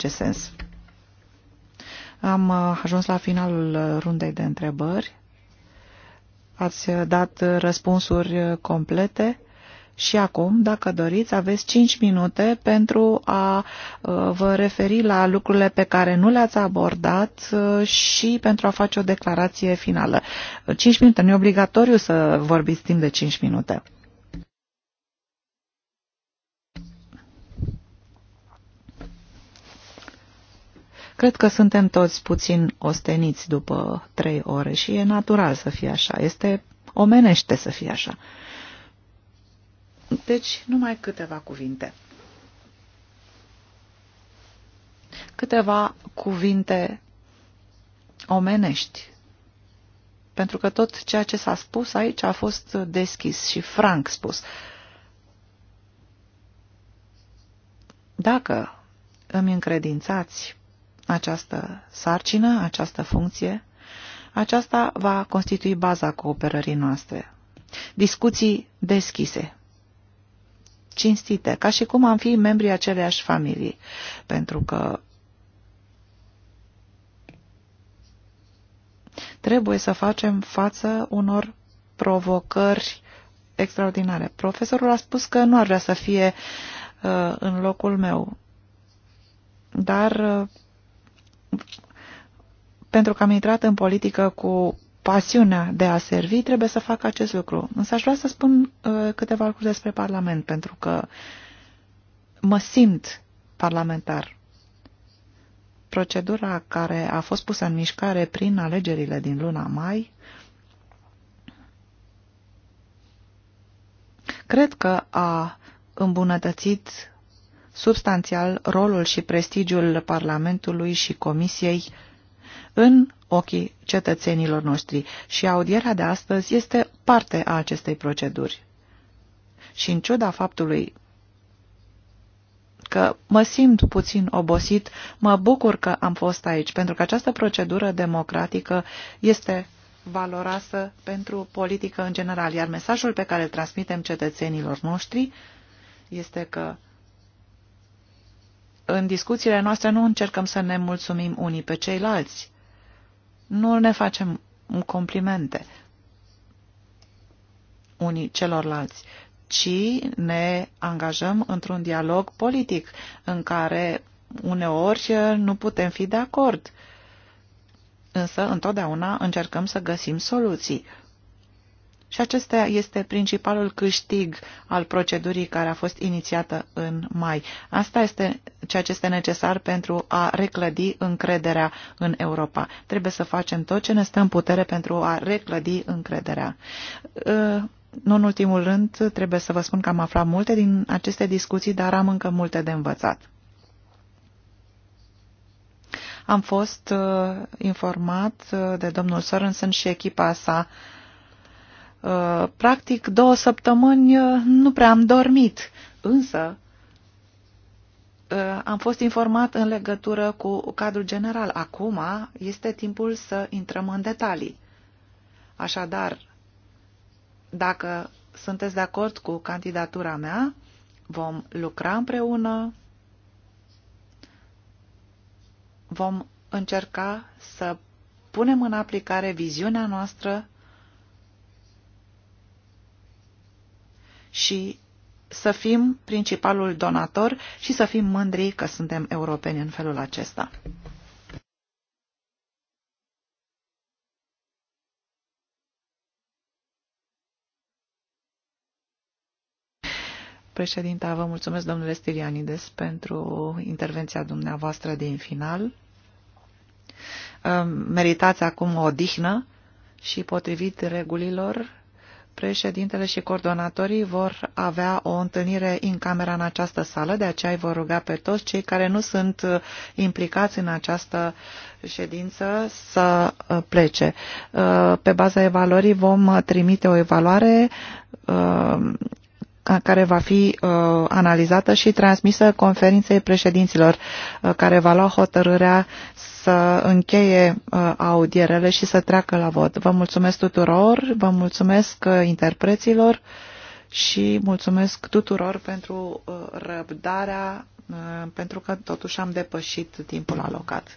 Ce sens. Am uh, ajuns la finalul uh, rundei de întrebări. Ați uh, dat răspunsuri complete și acum, dacă doriți, aveți 5 minute pentru a vă referi la lucrurile pe care nu le-ați abordat și pentru a face o declarație finală. 5 minute, nu e obligatoriu să vorbiți timp de 5 minute. Cred că suntem toți puțin osteniți după trei ore și e natural să fie așa. Este omenește să fie așa. Deci, numai câteva cuvinte. Câteva cuvinte omenești. Pentru că tot ceea ce s-a spus aici a fost deschis și franc spus. Dacă îmi încredințați această sarcină, această funcție, aceasta va constitui baza cooperării noastre. Discuții deschise, cinstite, ca și cum am fi membrii aceleași familii, pentru că trebuie să facem față unor provocări extraordinare. Profesorul a spus că nu ar vrea să fie uh, în locul meu, dar uh, pentru că am intrat în politică cu pasiunea de a servi, trebuie să fac acest lucru. Însă aș vrea să spun uh, câteva lucruri despre Parlament, pentru că mă simt parlamentar. Procedura care a fost pusă în mișcare prin alegerile din luna mai, cred că a îmbunătățit substanțial rolul și prestigiul Parlamentului și Comisiei în ochii cetățenilor noștri și audierea de astăzi este parte a acestei proceduri. Și în ciuda faptului că mă simt puțin obosit, mă bucur că am fost aici, pentru că această procedură democratică este valoroasă pentru politică în general, iar mesajul pe care îl transmitem cetățenilor noștri este că în discuțiile noastre nu încercăm să ne mulțumim unii pe ceilalți. Nu ne facem complimente unii celorlalți, ci ne angajăm într-un dialog politic în care uneori nu putem fi de acord. Însă întotdeauna încercăm să găsim soluții. Și acesta este principalul câștig al procedurii care a fost inițiată în mai. Asta este ceea ce este necesar pentru a reclădi încrederea în Europa. Trebuie să facem tot ce ne stă în putere pentru a reclădi încrederea. Ă, nu în ultimul rând, trebuie să vă spun că am aflat multe din aceste discuții, dar am încă multe de învățat. Am fost ă, informat ă, de domnul Sorensen și echipa sa Uh, practic două săptămâni uh, nu prea am dormit, însă uh, am fost informat în legătură cu cadrul general. Acum este timpul să intrăm în detalii. Așadar, dacă sunteți de acord cu candidatura mea, vom lucra împreună, vom încerca să punem în aplicare viziunea noastră și să fim principalul donator și să fim mândri că suntem europeni în felul acesta. Președinta, vă mulțumesc, domnule Stilianides, pentru intervenția dumneavoastră din final. Meritați acum o odihnă și, potrivit regulilor, președintele și coordonatorii vor avea o întâlnire în camera în această sală, de aceea îi vor ruga pe toți cei care nu sunt uh, implicați în această ședință să uh, plece. Uh, pe baza evaluării vom trimite o evaluare care va fi uh, analizată și transmisă conferinței președinților, uh, care va lua hotărârea să încheie uh, audierele și să treacă la vot. Vă mulțumesc tuturor, vă mulțumesc interpreților și mulțumesc tuturor pentru răbdarea, pentru că totuși am depășit timpul alocat.